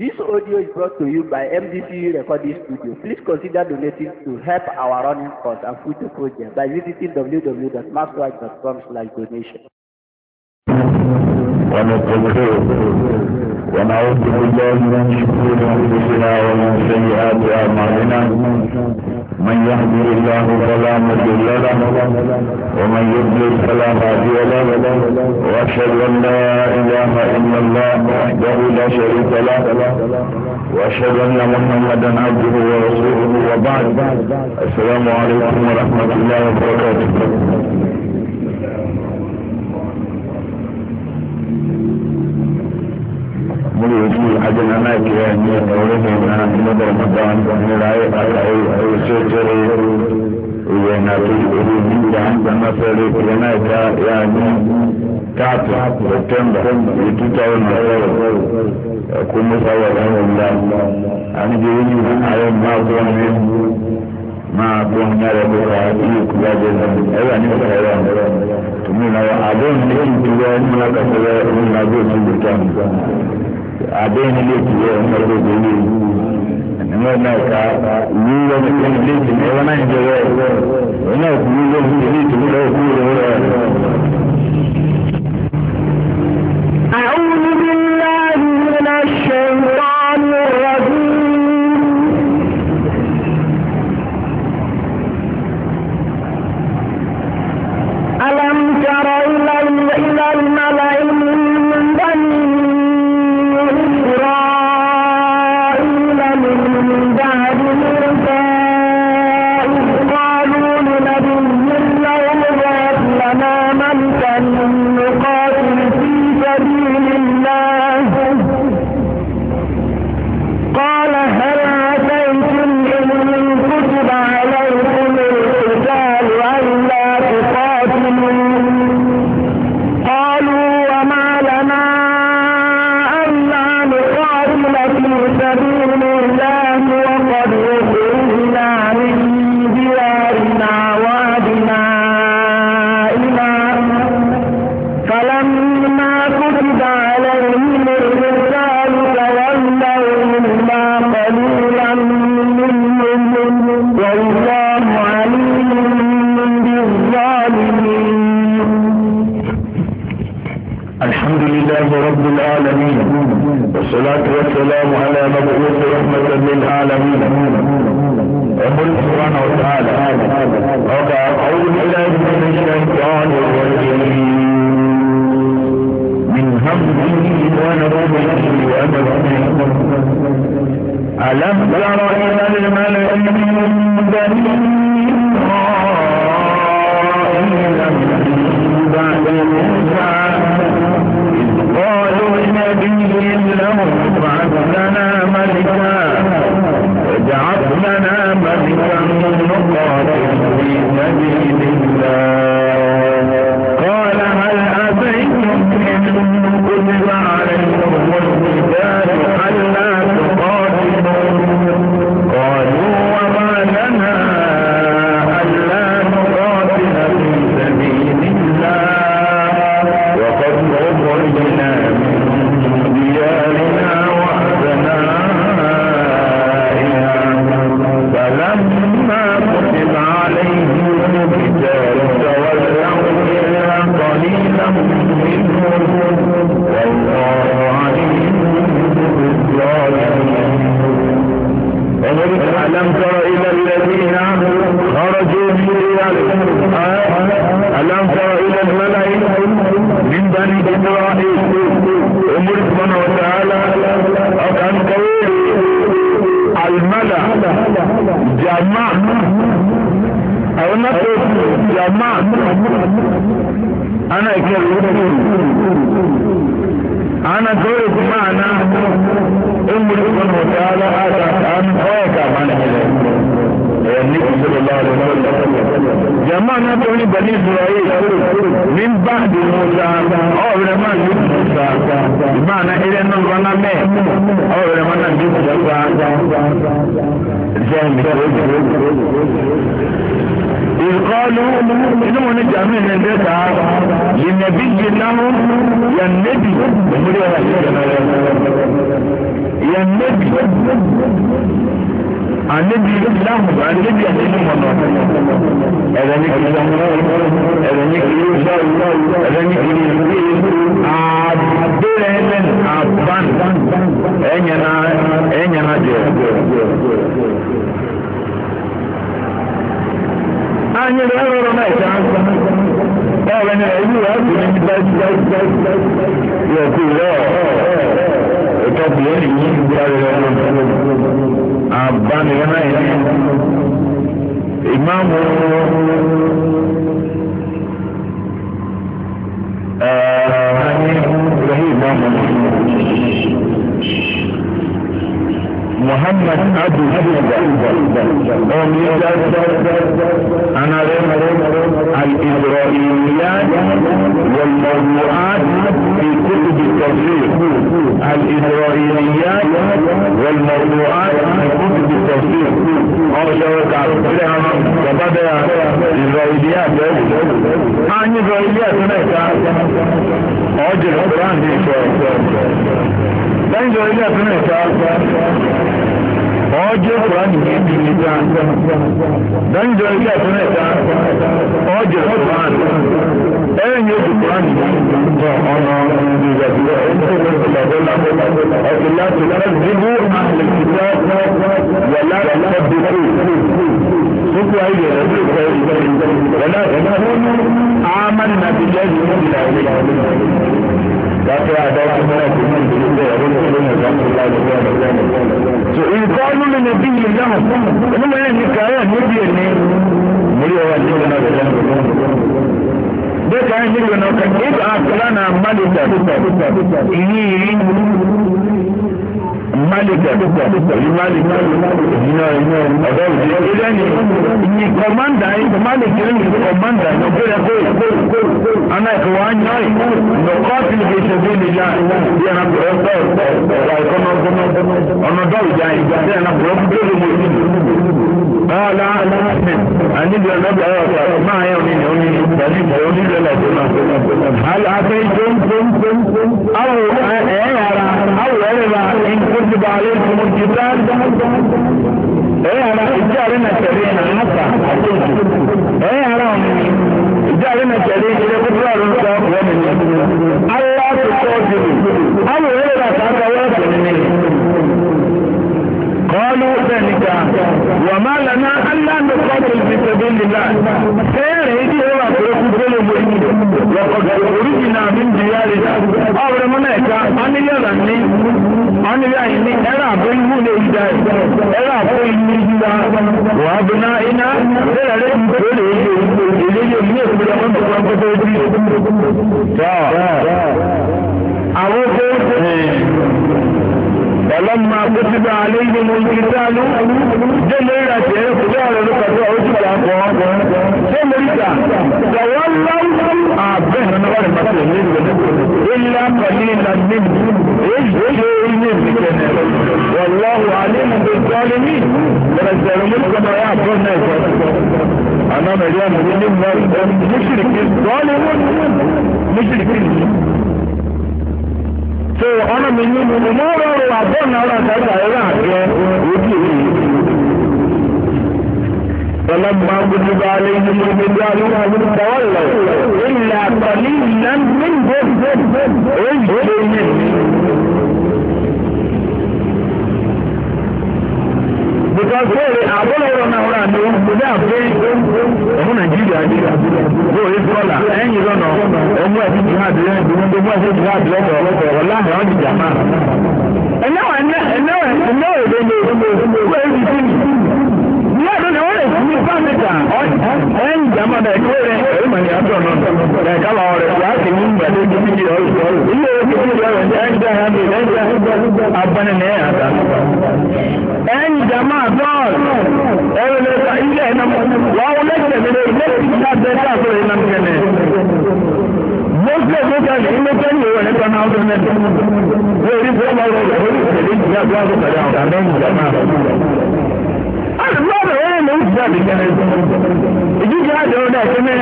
This audio is brought to you by MDCU Recording Studio. Please consider donating to help our running costs and future projects by visiting www.maxwatch.com slash donation. ونعوذ بالله من شرور انفسنا ومن سيئات اعمالنا من يهدي الله فلا مضل له ومن يضلل فلا هادي له واشهد ان لا اله الا الله وحده لا شريك له واشهد ان محمدا عبده ورسوله وبعد السلام عليكم ورحمه الله وبركاته ربنا ما كان يورثنا نبر مدان لا يقرأ وسجر ونطيب من عند مصرف لناك يعني تعطي سبتمبر لتتعون يكون مصور الله أنا جيني من أيام ما أقوم máa bọ́ ní arẹ́gbẹ́ta bí ìkúlájẹ́ ẹ̀rọ ní ìfẹ̀rẹ̀ tòmínà àbọ̀ ní ìdúró ní akásẹ̀rẹ̀ ìrìnàjò tí ó gbẹ̀kẹ́ àmì abin da ke yi wani da ke yi nínú náà ká ìlú wọn ní ilé ìtìmọ̀ wọn náà ń jẹ wọ́ọ̀ wọn náà kú ní ilé ìtìmọ̀ lọ́wọ́ kú lọ́wọ́ rẹ̀. الله الحمد لله رب العالمين والصلاة والسلام على مبعوث رحمة للعالمين يقول سبحانه وتعالى قول بالله من الشيطان الرجيم من همزه ونفسه ونفسه ألم تر إلى الملأ من بني إسرائيل بعد الإسعاء قالوا لنبي لهم ابعث لنا ملكا لنا ملكا نقاتل في ألم تر إلى الذين خرجوا من ديارهم ألم تر إلى الملأ من بني إسرائيل أمر سبحانه وتعالى أن تقول الملأ جمع أو نقول جماع أنا كريم ana kawai kuma ana in mu rikon wata ala ala an kawai kama na gida da yanni sallallahu alaihi wasallam jama'a na tawni bani isra'il min ba'di musa aw bi man musa bimana ile non wana me aw bi man nan musa jami ìkọlù inú wọn ní jàmí ní ẹgbẹ́ ta yìnyẹ̀bí jìnnàmú yànnẹ́bì òmùdí ọ̀rọ̀ yìí jẹ̀nà rẹ̀ yànnẹ́bì ànẹ́bì láhùn ànẹ́bì ànẹ́bì mọ̀nà ẹ̀rọ ní kiri ẹ̀rọ ní kiri ẹ̀rọ ní kiri àbẹ̀rẹ̀ ẹ̀lẹ́n àbán ẹ̀yẹ̀nà ẹ̀yẹ̀nà jẹ̀ anyị rịọ ọrụ maịta ọrụ na ewu ya bụ ndị yọkụ rọ ìtọ́kù yẹn nìyí ìgbéyàwó rẹ àbánirẹ́ náà yẹn ìmáàmù ẹ̀ẹ́dẹ́gbẹ̀rún ìmáàmù. محمد أبو أنا الإسرائيليات والموضوعات في كتب التفسير الإسرائيليات والموضوعات في كتب التفسير أرشوك على وبدأ الإسرائيليات عن الإسرائيليات هناك أجل القرآن في لأن الإسرائيليات هناك ọjọ́ kùránì ní ibi níta dánjọ ilé ẹ̀kọ́ mẹ́ta ọjọ́ kùránì ẹ̀yìn ojú kùránì ní ọ̀nà ìgbàgbọ́ ẹ̀kọ́ láti lọ́dìbò àlèkìtà wàlá ìtọ́bìkú gbogbo ayé rẹ̀ ló kọ́ wàlá ìtọ́bìkú àmàlà bìlẹ̀ yìí ń bìlà wí. Dàpẹ́ àdáwọ̀ àmàlà bìlẹ̀ yìí ń bìlà wí nínú nàbí yìí náà onímọ̀ yẹn ní kàáyà níbi ẹ̀ní múlí ọwọ́ níbi náà bẹ̀rẹ̀ bẹ́ẹ̀ kàáyà níbi náà kà ní ibà àkàrà náà málìkà ìyí ìyí málìkà ìyí málìkà ìyí náà ọ̀dọ́ òjì ilé ni komanda yi komanda kiri ni komanda no goya goya ana ko anya yi no qatil bi sabilillah ya na ko ko wa ko no ko no ono do ja yi ya na ko ko do mo ni ala ala ani bi na bi ala ta ma ya ni ni ni dali mo ni le la na hal ataytum aw ayara aw ayara in kuntum alaykum kitab ẹ̀yà ìjà rẹ̀ nà tẹ̀lé nà áta ẹ̀yìn ara ọ̀hún ìjà rí mi tẹ̀lé ilé kúkú àrùn ń sọ ọ̀pọ̀ mi ni. Ayọ́ àtúntò jùlọ. Àwọn òwe rà sáńtà wọ́ọ̀sì mi ni. قالوا ذلك وما لنا ألا نقاتل في سبيل الله خير هيدي هو أقرب كل وقد أخرجنا من ديارنا أو رمناك أن يرني أن يرني أرى بيه لإجداد أرى بيه وأبنائنا ذلك كله إليه يملك لمن فلما كتب عليهم القتال جميلة يرفضون لقد أوجب لهم جميلة تولوا أبهنا ورمتهم إلا قليلا منهم اجتئين بجنة والله عليم بالظالمين الظالمين كما يعقلنا أنا مليان منهم مشركين ظالمون مشركين so ọ̀nà mi ní mo mọ̀ ọ́rọ̀ àbọ̀nà ọ̀rọ̀ àtàkà ẹ̀rọ àjẹ ojú ìlú. فلما كتب عليهم القتال تولوا إلا قليلا èyí ló yẹ mí. Bùkọ́sí èrè àbọ̀lọ́rọ̀ náà wúrà ní ọmọdé àpé ọmọ Nàìjíríà ní lórí sọ́là ẹ̀yìn lọ́nà ọmọ ẹ̀sìn jihadi rẹ̀ gbogbo ẹ̀sìn jihadi rẹ̀ ọ̀pọ̀ ọ̀la àwọn jìjà máa. Ẹ̀náwó ẹ̀náwó ẹ̀náwó ẹ̀dẹ́gbẹ̀ wọ́n èyí sí ni. Ìyá ni wọ́n Afáàtìkà ẹ̀yìn ìjàmbá dẹ̀ kó rẹ̀ ni. mà ní àtọ̀ náà rẹ̀ kábà ọ̀rẹ́ wà á sì ní ìgbà tó ti di ọ̀rọ̀ ilé ìwé tó ti di ọ̀rọ̀ ẹ̀yìn ìjà ya bèèrè ẹ̀yìn abẹ́ni ní ẹ̀yà ta. ẹ̀yìn ìjàmbá àtọ́ọ̀t ẹ̀rọ lè fa ilé ẹ̀ náà wà ó lẹ́sẹ̀ mi lé ilé ìjà bẹ́ẹ̀ káàkiri ẹ̀ náà kẹ́lẹ̀. Mọ́sílẹ̀ tó kẹ́lẹ̀ ilé kẹ́lẹ̀ ìwé nípa náà ọdún mẹ́ta. Wọ́n rí fún ọmọ ọ̀rọ̀ ni. ìṣẹ̀lẹ̀ ìjìyà tó wà tó kẹ́lẹ̀ àwọn àdáyé ìjàmbá. lọ́rọ̀ ẹ̀rẹ́ ló ń sọ àbíkẹ́rẹ́ ìdíje àjọ ọ̀dà ìṣẹ́mẹ́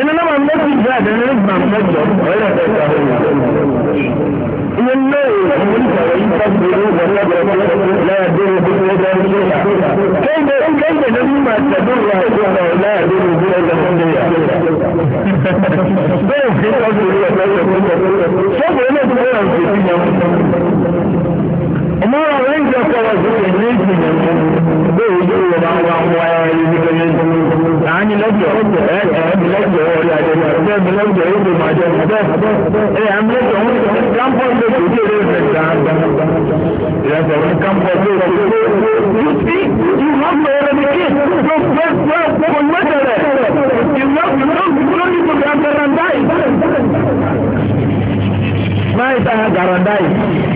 ẹni náà máa ń lọ́sí ìjọ àjọ ẹni náà máa ń mẹ́jọ ọ̀rẹ́ ẹ̀fẹ́ ìṣàwọ̀ ìyẹn náà ìwọ̀n ìṣàwọ̀ yìí bá gbèrú Ọmọ ọ̀rẹ́ ìjọba wà sí ẹ̀mí ìgbìyànjú. àánì lọ́jọ́ ẹ̀ẹ́dì lọ́jọ́ orí àjẹjọ́ ẹ̀ẹ́dì lọ́jọ́ orí màjọ ẹ̀ẹ́ àmìlẹ́jọ́ wọn kámpọ́n lè kò dé rẹ̀ dáadáa ìrẹsẹ̀ wọn kámpọ́n lè kò dé you see you love your enemy kid so well well for weather you love you don't you don't need to be under and die. Máa ń ta garandai.